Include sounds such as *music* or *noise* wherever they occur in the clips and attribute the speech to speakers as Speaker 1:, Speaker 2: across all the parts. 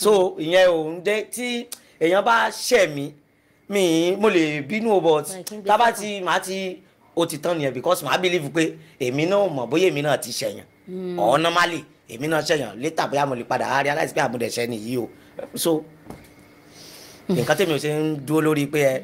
Speaker 1: so ìyẹn òun jẹ́ tí èèyàn bá ṣẹ̀ mí mi mo lè bínú o but tábà tí màá ti o ti tán nìyẹn because màá believe pé èmi náà mọ̀ bóyá èmi náà ti ṣẹ̀yàn
Speaker 2: hmm. or normally
Speaker 1: èmi náà ṣẹ̀yàn later bóyá mo lè padà realize pé àmúdẹ̀ṣẹ̀ nìyí o so nǹkan tèmi ò ṣe ń dúró lórí pé ẹ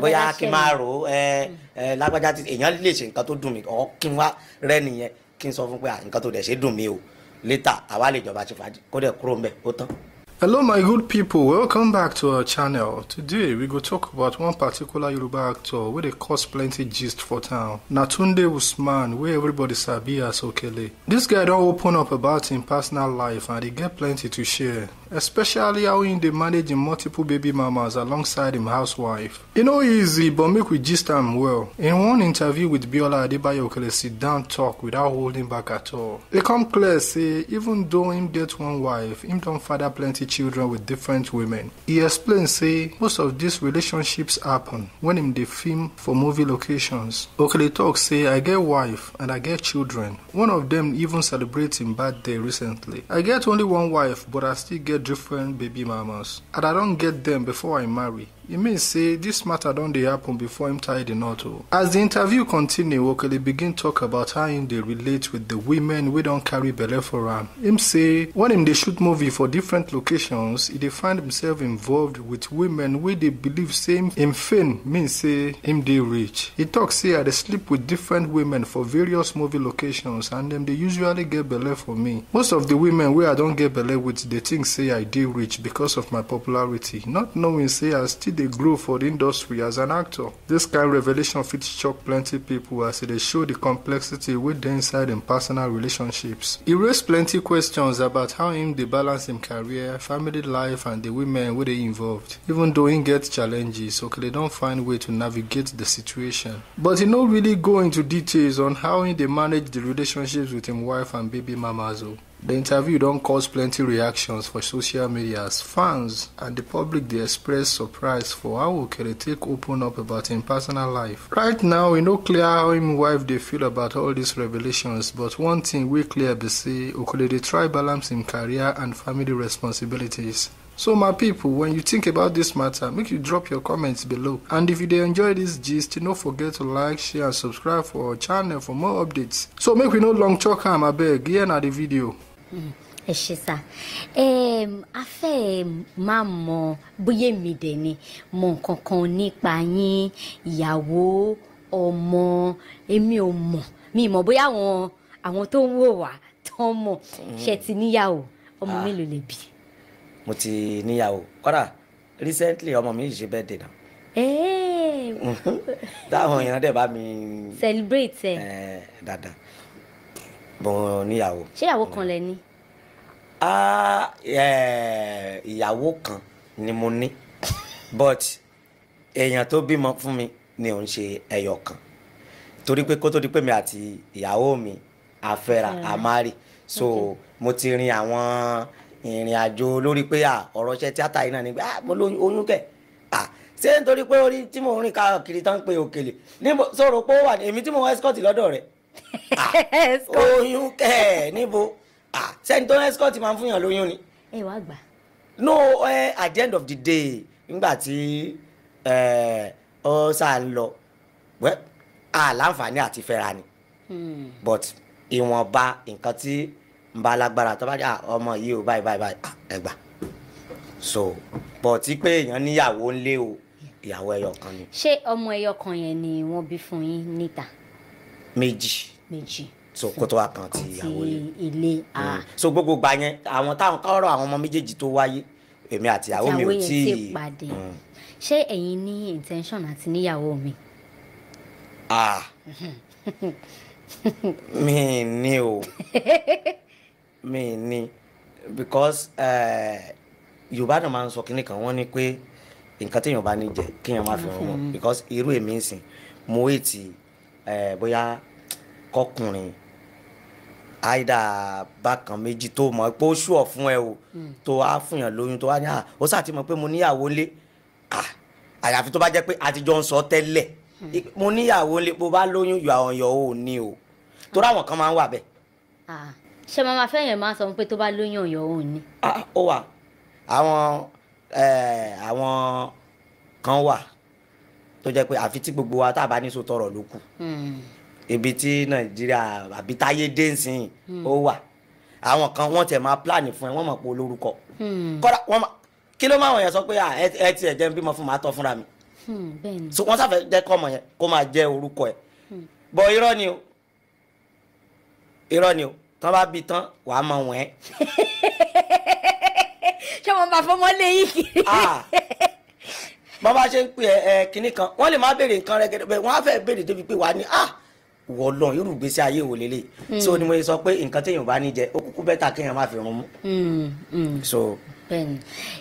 Speaker 1: bóyá kí n máa rò ó ẹ hmm. ẹ lágbájá tí èèyàn lè ṣe nǹkan tó dùn mí or kí n wá rẹ nìyẹn kí n sọ fún pé nǹkan tó dẹ̀ ṣe dùn mí o later àwa lè jọba ṣe fàájì kó dẹ̀ kúrò ń bẹ̀ ó tán.
Speaker 3: Hello my good people, welcome back to our channel. Today we go talk about one particular Yoruba actor where they cause plenty gist for town. Natunde Usman, where everybody sabi as Okele. This guy don't open up about him personal life and he get plenty to share. especially how he dey manage multiple baby mamas alongside him housewife. E no easy but make we gist am well. In one interview with Biola Adebayo sit down talk without holding back at all. E come clear say even though him get one wife, him don father plenty children with different women. E explain say most of these relationships happen when him dey film for movie locations. Okele talk say I get wife and I get children. One of them even celebrate him birthday recently. I get only one wife but I still get different baby mamas and I don't get them before I marry. e mean say dis matter don dey happen before him tie di knot o as di interview continue okele begin tok about how him dey relate wit di women wey don carry belle for am him say wen him dey shoot movie for different locations e dey find himself involved wit women wey dey believe say him fame mean say him dey rich e tok say i dey sleep wit different women for various movie locations and dem dey usually get belle for me most of di women wey i don get belle wit dey think say i dey rich because of my popularity not knowing say i still The growth for the industry as an actor kind of revelation fits shock plenty people as they show the complexity with the inside in personal relationships He raised plenty questions about how he the balance him career family life and the women wey they involved even though he gets challenges don't find way to navigate the situation but he not really go into details on how he the manage the relationships with im wife and baby mama though. The interview don cause plenty reactions for social media as fans and the public dey express surprise for how Okere take open up about im personal life. Right now, e no clear how im wife dey feel about all these revelations, but one thing wey clear be say Okere dey try balance im career and family responsibilities. So my people, when you think about this matter, make you drop your comments below. And if you dey enjoy this gist, no forget to like, share and subscribe for our channel for more updates. So make we no long talk am abeg, here na the video
Speaker 2: ẹ ṣe sá afẹ́ máa mọ bóyá èmi dẹ̀ ni mọ nǹkan kan nípa yín ìyàwó ọmọ èmi ò mọ̀ mi mọ̀ bóyá àwọn àwọn tó ń wò wá tán mọ̀ ṣe ti níyàwó ọmọ ah. mélòó lè bí.
Speaker 1: mo ti níyàwó kọ́dà recently ọmọ mi yìí ṣe bẹ́ẹ̀ dènà. *laughs* táwọn èèyàn dẹ̀ bá mi.
Speaker 2: celebrate ẹ.
Speaker 1: Eh, dada mo níyàwó. ṣé ìyàwó kan lẹ ní. Ah, eh, ìyàwó kan ni mo ní but èèyàn tó bímọ fún mi ni òun ṣe ẹyọ kan torí pé kó tó di pé mi àti ìyàwó mi àfẹ́ra àmárì ah, so mo ti rin àwọn ìrìn àjò lórí pé ọ̀rọ̀ iṣẹ́ tíátà yìí náà ni pé ah, mo lóyún oyún kẹ̀ ṣé nítorí pé orí tí mo rìn káàkiri tán pé òkèlè ní sọ̀rọ̀ pé ó wà ní èmi tí mo wá escort lọ́dọ̀ rẹ̀ oyún kẹ ẹ níbo sẹ́ni tó ń escort máa ń fún yàn lóyún ni. ẹ wàá gbà. no eh, at the end of the day nígbà tí ọ sá ń lọ wẹ́ àlàǹfààní àti fẹ́ra ni hmm. but ìwọ̀nba nǹkan tí ń bá lágbára tó bá dé ọmọ yìí o báyìí báyìí báyìí ẹ gbà so bọ̀tí pé èèyàn níyàwó ńlé o ìyàwó ẹyọ kan ni.
Speaker 2: ṣé ọmọ ẹyọ yẹn ni wọ́n bí fún yín níta méjì méjì
Speaker 1: so kó tó wá kan ti ìyàwó ilé hmm. so gbogbo gbà yẹn àwọn táwọn kọ́rọ̀ àwọn ọmọ méjèèjì tó wáyé èmi àti ìyàwó mi ò tí ì pàdé hmm.
Speaker 2: ṣé ẹ̀yin ní intention àti níyàwó mi.
Speaker 1: ah *laughs* mi ni o
Speaker 3: *laughs*
Speaker 1: mi ni because eh, yorùbá náà máa ń sọ kínní kan wọ́n ní pé nǹkan téèyàn bá ní jẹ kéèyàn má fi rún wọn hmm. because irú èmi ń sìn mo wéètì ẹ bóyá kọkùnrin àìdá bákan méjì tó mọ̀ pé ó ṣùọ̀ fún ẹ o hmm. tó á fún yàn lóyún tó wá ní à ó sà ti pé mo níyàwó lé àyàfi tó bá jẹ́ pé àtijọ́ ń sọ tẹ́lẹ̀ hmm. mo níyàwó lé bó bá lóyún yọ àwọn yọ ò ní o torí ah. àwọn kan máa ń wà bẹ́ẹ̀.
Speaker 2: ṣé màá máa fẹ́yàn máa sọ pé tó bá lóyún ọ̀yọ́ ò ní.
Speaker 1: ó wà àwọn àwọn kan wà tó jẹ́ pé àfi tí gbogbo wa tá a bá ní sòótọ́ ọ̀rọ̀ ló kù hmm. ibi tí nàìjíríà àbí táyé dé nsìn ó hmm. wà àwọn kan wọ́n tẹ̀ máa plan fún ẹ wọ́n mọ̀ pé olórúkọ hmm. kọ́dà wọ́n máa kí ló máa wọ̀nyẹn sọ pé ẹ ti ẹ̀ jẹ́ bímọ fún màá tọ́ fúnra mi so wọ́n sáfẹ́ jẹ́ kọ́ ọmọ yẹn kó máa jẹ́ orúkọ ẹ̀ bọ̀ irọ́ ni o irọ́ ni o tán bá bi tán wàá mọ wọ́n ẹ́. *laughs*
Speaker 2: ṣé wọn bá fọmọ lé kiri. *laughs* Ah
Speaker 1: bàbá ṣe ń pè ẹ kinní kan wọ́n lè má béèrè nǹkan rẹ gẹ́gẹ́ wọ́n á fẹ́ béèrè débi pé wà á ní ah wọ lọ irú gbèsè ayé wò lélẹ̀ hmm. so ni mo sọ pé nǹkan téèyàn bá ní jẹ ó kúkú bẹ́tà kéèyàn má fi rún mú. Hmm, hmm. so.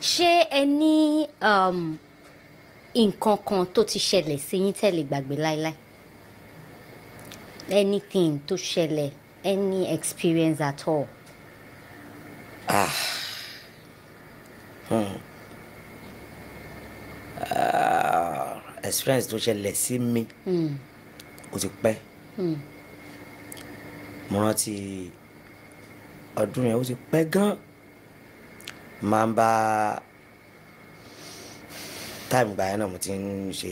Speaker 2: ṣé ẹ ní um, nǹkan kan tó ti ṣẹlẹ̀ sí yín tẹ́lẹ̀ gbàgbé láéláé anything tó ṣẹlẹ̀ any experience at all.
Speaker 1: ah. Hmm. Ah, experience tó ṣẹlẹ̀ sí mi hmm. ó ti pẹ́ hmm. mo rántí ọdún yẹn ó ti pẹ́ gan máa ń bá táìmù gbà yẹn náà mo ti ń ṣe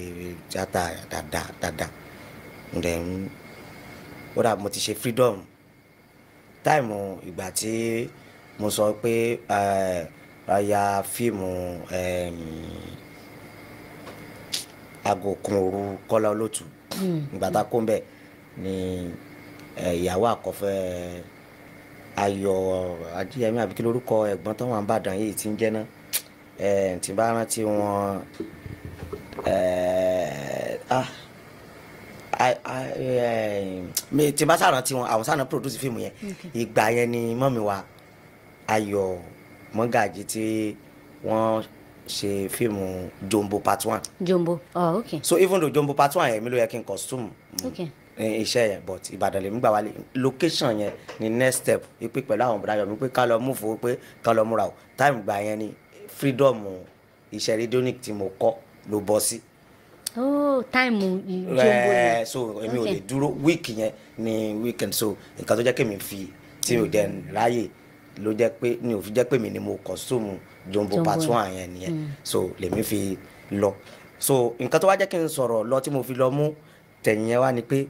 Speaker 1: tíátà dáadáa dáadáa ó dà mo ti ṣe freedom táìmù ìgbà tí mo sọ pé ọ̀ya eh, fíìmù. Um, aago kan òru kọ́lá olótù hmm. ìgbà tá a kó ń bẹ̀ ni eh, ìyàwó àkọ́fẹ́ ayọ̀ ajíyẹmí àbíkí lórúkọ ẹ̀gbọ́n tó wà ń bàdàn yìí ti ń jẹ́ ná eh, tí bá rántí wọn eh, ah, tí bá sàrántí wọn àwọn sàrántí produce fíìmù yẹn ìgbà yẹn ni mọ́mi wa ayọ̀ mọ́gàjì tí wọ́n ṣe fíìmù Jumbo part one.
Speaker 2: Jumbo oh ok. so even though
Speaker 1: Jumbo part one yẹn mi ló yẹ kí n costume. Mm, ok iṣẹ́ yẹn but Ìbàdàn lèmi gbà wálé location yẹn ni next step wípé pẹ̀lú àwọn ọ̀bùdá yọmi pé ká lọ mú fowó pé ká lọ múra o time gbà yẹn ni freedom iṣẹ́ radionic tí mo kọ́ ló bọ́ sí.
Speaker 2: oh time Jumbo yẹn.
Speaker 1: so èmi ò lè dúró week yẹn ni weekend so nǹkan tó jẹ́ kí mi fi tí mi dẹ̀ ráyè ló jẹ́ pé ni ò fi jẹ́ pé mi ni mo kọ́sùmù jumbo part one yẹn nìyẹn hmm. so lèmi fi lọ so nǹkan tó wá jẹ́ kí n sọ̀rọ̀ lọ tí mo fi lọ mú tẹ̀yìn yẹn wá ni pé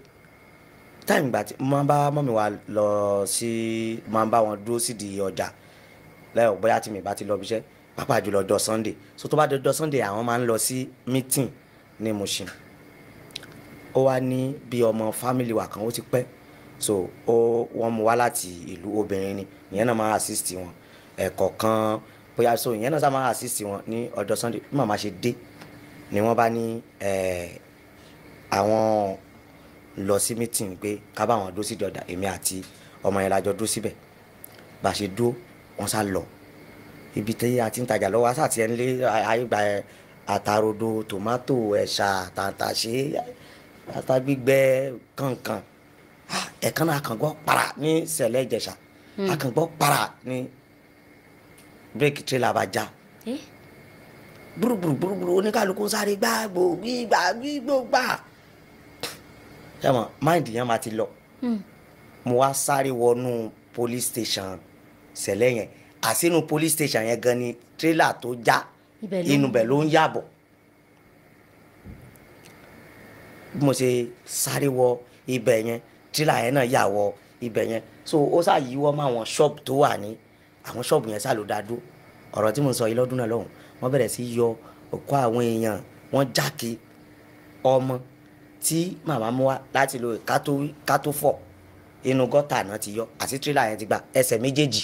Speaker 1: táìmù ìgbà tí máa ń bá mọ́mi wa lọ sí máa ń bá wọn dúró sídìí ọjà lẹ́yìn bóyá tí mi bá ti lọ bíṣẹ́ pápá jùlọ dọ̀ sunday so tó bá dọ̀ sunday àwọn máa ń lọ sí meeting ní Mushin ó wá ní bí ọmọ fámìlì wa kan ó ti pẹ́ so ó wọ́n mú wá láti ìlú obìnrin ni ìyẹn náà máa assist wọn ẹ̀kọ́ kan bóyá so ìyẹn náà sá máa assist wọn ní ọjọ́ Sunday bí màmá ṣe dé ni wọ́n bá ní àwọn lọ sí meeting pé ká bá wọn dúró sí dọ̀dà èmi àti ọmọ yẹn lájọ dúró síbẹ̀ bá a ṣe dúró wọ́n sá lọ ibi tí a ti ń tajà lọ́wọ́ aṣáà ti lé àyígbà àtàròdo tòmátò ẹ̀ṣà tàǹtàṣé àtàgbígbẹ́ kànkàn ẹ̀kan náà akàngbọ́ para ní sẹ̀lẹ̀ ìjẹ̀ṣà akàngbọ́ para ní bírèkì tírélà bá já burúburú burúburú oníkàlùkù sáré gbàgbó gbígbà gbígbó gbà ẹ mọ máìndì yẹn máa ti lọ hmm. mo wá sáré wọnú police station sẹ̀lẹ̀ yẹn àsínú police station yẹn gan ni tírélà tó já inú bẹ̀ ló ń yàbọ̀ bí mo ṣe sáré wọ ibẹ̀ yẹn tíra yẹn náà yà wọ ibẹ̀ yẹn so ó sá yíwọ́ mọ́ àwọn ṣọ́ọ̀bù tó wà ní àwọn ṣọ́ọ̀bù yẹn sá ló dá dúró ọ̀rọ̀ tí mo sọ yìí lọ́dún náà lọ́hùn wọ́n bẹ̀rẹ̀ sí yọ òkú àwọn èèyàn wọ́n jáke ọmọ tí màmá mú wá láti lo kátó fọ̀ inú gọ́tà náà ti yọ àti tírílà yẹn ti gba ẹsẹ̀ méjèèjì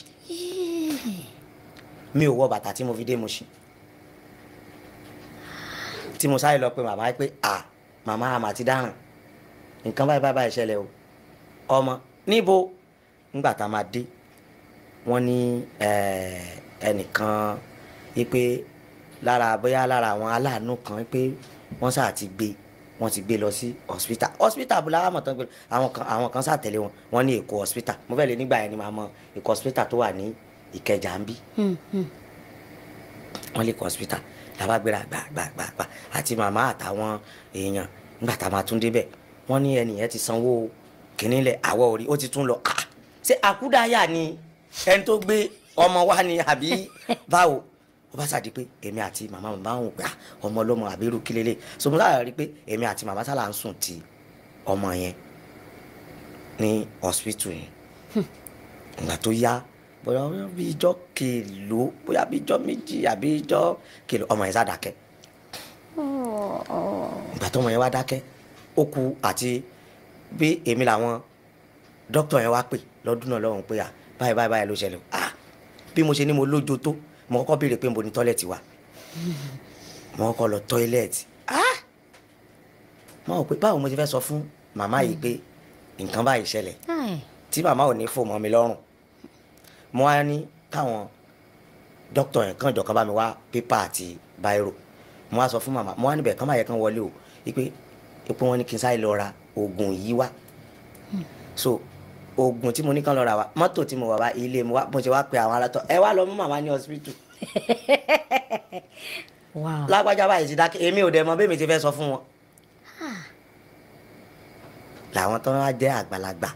Speaker 1: mi ò wọ bàtà tí mo fi dé Mùṣín tí mo sáré lọ pé màmá pé à màmá àmà ti dáràn nǹkan báyìí báyìí ṣẹlẹ̀ o ọmọ níbo ńgbà tá a máa dé wọ́n ní ẹnìkan wípé lára bóyá lára àwọn aláàánú kan wípé wọ́n sáà ti gbé wọ́n ti gbé lọ sí hospital hospital bó láwọn tán gbé àwọn kan àwọn kan sàtẹ̀lé wọn wọ́n ní èkó hospital mo fẹ́ lè nígbà yẹn ni màá mọ èkó hospital tó wà ní ìkẹjà ń bí hmm, hmm. wọ́n lè kó hospital làbá gbéra gbàgbàgbà àti màmá àtàwọn èèyàn nígbà tá a máa tún débẹ̀ wọ́n ní ẹnìyẹn ti sanwó o kínní lẹ̀ àwọ̀ orí ó ti tún lọ ah! ṣé àkúdáyà ni ẹni tó gbé ọmọ wa ni àbí *laughs* báwo ó bá ṣàdí pé èmi àti màmá mi máa ń gbà ah, ọmọ ọlọ́mọ àbí irú kílélẹ so mo sáà rí pé èmi àti màmá sálà ń sùn ti ọmọ yẹn ní hospital yẹn hmm. ìgbà tó yá bóyá bí ijọ́ kèlò bóyá bí ijọ́ méjì àbí ijọ́ kèlò ọmọ yẹn sá dákẹ́
Speaker 2: oh, oh.
Speaker 1: ìgbà tó ọmọ yẹn wá dákẹ́ ó kú àti bí èmi làwọn dókítà yẹn wá pè lọ́dún náà lọ́wọ́n pé à báyìí báyìí báyìí ló ṣẹlẹ̀ à bí mo ṣe ní mo lójo tó mo kọ́kọ́ béèrè pé mo ní tọ́lẹ̀tì wa mo kọ́kọ́ lọ tọ́ílẹ̀tì mo rò pé báwo mo ti fẹ́ sọ fún màmá yìí pé nǹkan báyìí ṣẹlẹ̀ tí màmá ò ní fò mọ́ mi lọ́rùn mo wá ní káwọn dókítà yẹn kàn jọ bá mi wá pépà àti báírò mo wá sọ fún màmá mo wá níbẹ̀ kán bá kán wọlé o pé wọ́n ní kí n sáré lọ ra oògùn yìí wá so oògùn tí mo ní kàn lọ ra wa mọ́tò tí mo wà wá ilé mo wá mo ṣe wá pe àwọn alátọ ẹ wá lọ mú màmá ní hospital *laughs* lágbájá báyìí ti dákẹ́ èmi ò dẹ̀ mọ bẹ́ẹ̀ mi ti fẹ́ sọ fún wọn làwọn tó wá jẹ́ àgbàlagbà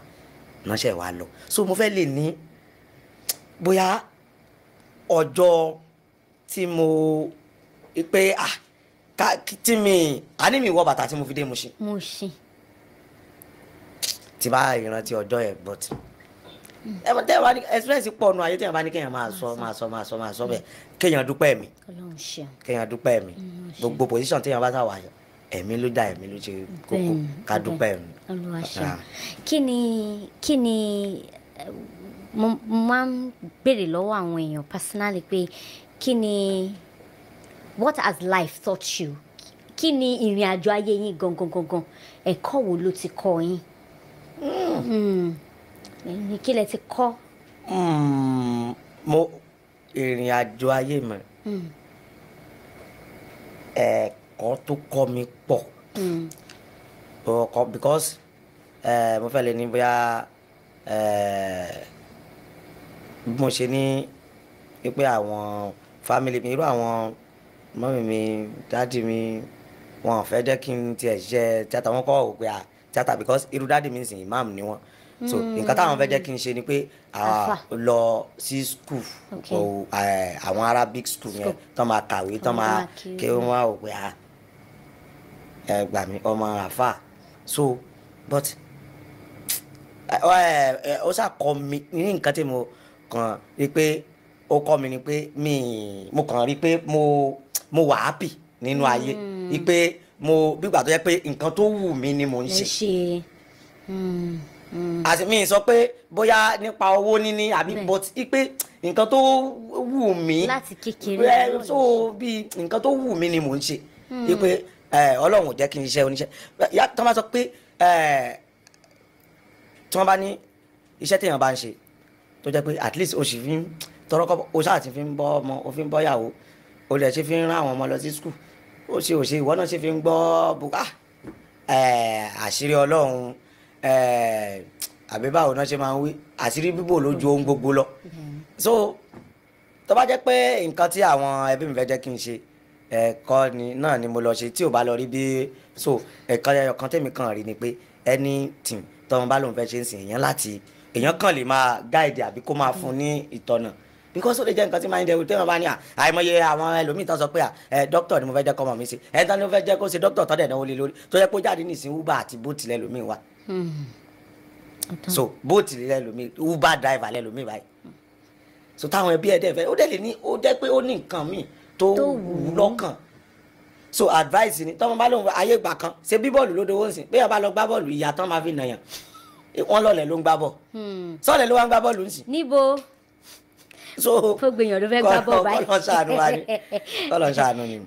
Speaker 1: ránṣẹ́ wa lọ so mo fẹ́ lè ní bóyá ọjọ́ tí mo pé ah ká tí mi a mi wọ bàtà tí mo fi dé Mùṣín. Mùṣín. tí bá ìrántí ọjọ́ yẹn gbọ́ tí. ẹ bá tẹ́wọ́ ní express pọ̀ nù ayé tẹ́wọ́ bá ní kéèyàn máa sọ máa sọ máa sọ máa sọ bẹ́ẹ̀ kéèyàn dúpẹ́ mi kéèyàn dúpẹ́ mi gbogbo position téèyàn bá sáwà yẹn ẹ̀mí ló dá ẹ̀mí ló ṣe kókó ká dúpẹ́ mi.
Speaker 2: kí ni kí ni mo máa ń béèrè lọ́wọ́ àwọn èèyàn personally pé kí ni what has life taught you kí ni ìrìn àjò ayé yín gangan gangan ẹ̀kọ́ wo ló ti kọ́ yín hmm. kí lẹ ti kọ́.
Speaker 1: Hmm. mo ìrìn àjò ayé mi hmm. ẹ̀kọ́ tó kọ́ mi pọ̀ because eh, mo fẹ́ lè ní bóyá eh, bí mo ṣe ní pé àwọn family mi irú àwọn mọ́mí mi dáàdì mi wọn fẹ́ jẹ́ kí n tiẹ̀ ṣe tíátà wọn kọ́ wò pé tíátà because irú dáàdì mi sìn imam ni wọn so hmm. nǹkan táwọn fẹ́ jẹ́ kí n ṣe ni pé lọ sí school àwọn arabic school yẹn tó máa kàwé tó máa kí wọ́n wá wò pé à ẹ ọmọ àfà so but ó ṣàkọ mi ní nǹkan tí mo kàn rí pé ó kọ́ mi ni pé mo kàn rí pé mo mo wà happy nínú ayé ipe hmm. mo bígbà tó yẹ pé nǹkan tó wù mí ni mò ń ṣe hmm, hmm. àti mi sọ pé bóyá nípa owó níní àbí but ipe nǹkan tó wù mí láti
Speaker 2: kékeré eh,
Speaker 1: so bí nǹkan tó wù mí ni mò ń ṣe ipe eh, ọlọ́run ò jẹ́ kí n ṣiṣẹ́ oníṣẹ́ tí wọ́n bá sọ pé eh, tí wọ́n bá ní iṣẹ́ téèyàn bá ń ṣe tó jẹ́ pé at least o sì fi ń tọrọ kọ́ o ṣáà ti fi ń bọ́ ọmọ o fi ń bọ́ yàwó o lè ṣe fi ń rán àwọn ọmọ lọ sí skul ó ṣe ò ṣe ìwọ náà ṣe fi ń gbọ́ bùkà ah! àṣírí ọlọ́run àbí báwo náà ṣe máa ń wí àṣírí bíbò ló ju ohun gbogbo lọ so tó bá jẹ́ pé nǹkan tí àwọn ẹbí mi fẹ́ jẹ́ kí n ṣe ẹ̀kọ́ náà ni mo lọ ṣe tí ò bá lọ rí bí so ẹ̀kọ́ ẹyọ kan tèmi kan rí ni pé ẹni tì tọ́mọ bá lòun fẹ́ ṣe ń sìn èèyàn láti èèyàn kàn lè máa gáìdì àbí kó máa fún ní ìtọ́nà because ó lè jẹ́ nǹkan tí máa ń dẹrù téèyàn bá ní à àìmọye àwọn ẹlòmíì tán sọ pé à ẹ dókítà ni mo fẹ́ jẹ́ kọ́mọ mi sí ẹ tán ni mo fẹ́ jẹ́ kó ṣe dókítà tọ́dẹ̀ náà ó lè lórí tó yẹ kó jáde ní ìsìn uber àti bolt lẹ́lòmíì wa hmm. so bolt lẹ́lòmíì uber driver lẹ́lòmíì báyìí so táwọn ẹbí ẹ dẹ̀ fẹ́ ó dẹ̀ lè ní ó dẹ́ pé ó ní nǹkan míì tó wù lọ́kàn so advice ni tọ́mọ bá lóun ayé ìgbà kan ṣe bí bọ́ọ̀lù ló dowó nsìn bẹ́ẹ̀ bá lọ gbá bọ́ọ̀lù ìyá tán máa fi nàyàn wọ́n lọ̀lẹ̀ ló ń gbá bọ́ọ̀ hmm. sọ̀lẹ̀ ló wá ń gbá bọ́ọ̀lù nsìn. níbo so fún gbìyànjú fẹ́ gbá bọ́ọ̀ báyìí kọ́lọ́ ṣàánú wa ni
Speaker 2: kọ́lọ́ ṣàánú ni.